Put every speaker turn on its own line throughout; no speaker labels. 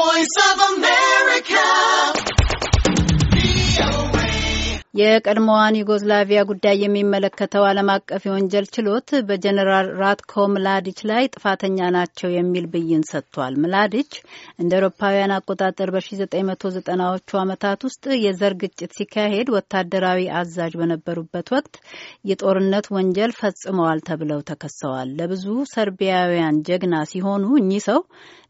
voice of America.
የቀድሞዋን ዩጎዝላቪያ ጉዳይ የሚመለከተው ዓለም አቀፍ የወንጀል ችሎት በጀኔራል ራትኮ ምላዲች ላይ ጥፋተኛ ናቸው የሚል ብይን ሰጥቷል። ምላዲች እንደ አውሮፓውያን አቆጣጠር በ1990ዎቹ ዓመታት ውስጥ የዘር ግጭት ሲካሄድ ወታደራዊ አዛዥ በነበሩበት ወቅት የጦርነት ወንጀል ፈጽመዋል ተብለው ተከሰዋል። ለብዙ ሰርቢያውያን ጀግና ሲሆኑ እኚህ ሰው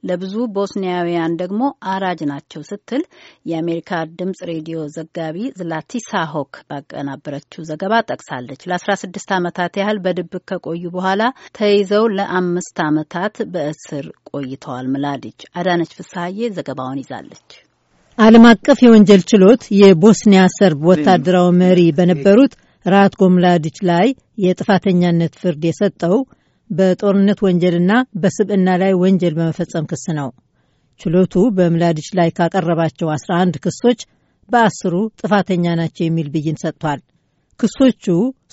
ለብዙ ቦስኒያውያን ደግሞ አራጅ ናቸው ስትል የአሜሪካ ድምጽ ሬዲዮ ዘጋቢ ዝላቲሳ ሆክ ባቀናበረችው ዘገባ ጠቅሳለች። ለ16 ዓመታት ያህል በድብቅ ከቆዩ በኋላ ተይዘው ለአምስት ዓመታት በእስር ቆይተዋል። ምላዲች አዳነች ፍስሀዬ ዘገባውን ይዛለች።
ዓለም አቀፍ የወንጀል ችሎት የቦስኒያ ሰርብ ወታደራዊ መሪ በነበሩት ራትኮ ምላዲች ላይ የጥፋተኛነት ፍርድ የሰጠው በጦርነት ወንጀልና በስብዕና ላይ ወንጀል በመፈጸም ክስ ነው። ችሎቱ በምላዲች ላይ ካቀረባቸው 11 ክሶች በአስሩ ጥፋተኛ ናቸው የሚል ብይን ሰጥቷል። ክሶቹ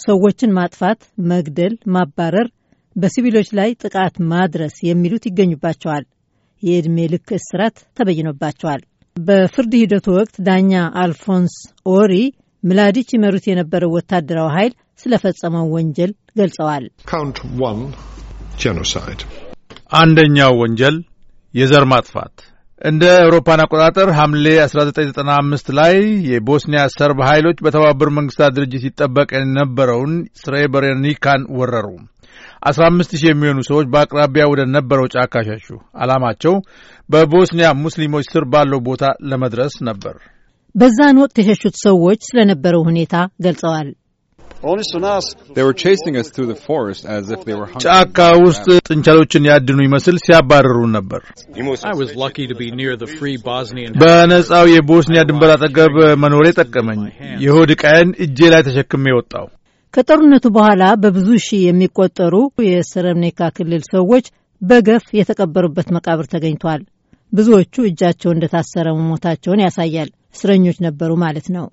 ሰዎችን ማጥፋት፣ መግደል፣ ማባረር፣ በሲቪሎች ላይ ጥቃት ማድረስ የሚሉት ይገኙባቸዋል። የዕድሜ ልክ እስራት ተበይኖባቸዋል። በፍርድ ሂደቱ ወቅት ዳኛ አልፎንስ ኦሪ ምላዲች ይመሩት የነበረው ወታደራዊ ኃይል ስለፈጸመው ወንጀል ገልጸዋል።
አንደኛው ወንጀል የዘር ማጥፋት እንደ አውሮፓን አቆጣጠር ሐምሌ 1995 ላይ የቦስኒያ ሰርብ ኃይሎች በተባበሩት መንግስታት ድርጅት ይጠበቅ የነበረውን ስሬበሬኒካን ወረሩ። 15000 የሚሆኑ ሰዎች በአቅራቢያ ወደ ነበረው ጫካ ሸሹ። ዓላማቸው በቦስኒያ ሙስሊሞች ስር ባለው ቦታ ለመድረስ ነበር።
በዛን ወቅት የሸሹት ሰዎች ስለነበረው ሁኔታ ገልጸዋል።
ጫካ ውስጥ ጥንቻሎችን ያድኑ ይመስል ሲያባረሩን ነበር። በነጻው የቦስኒያ ድንበር አጠገብ መኖሬ ጠቀመኝ። የሆድ ዕቃዬን እጄ ላይ ተሸክሜ ወጣው።
ከጦርነቱ በኋላ በብዙ ሺህ የሚቆጠሩ የስረምኔካ ክልል ሰዎች በገፍ የተቀበሩበት መቃብር ተገኝቷል። ብዙዎቹ እጃቸው እንደታሰረ መሞታቸውን ያሳያል። እስረኞች ነበሩ ማለት ነው።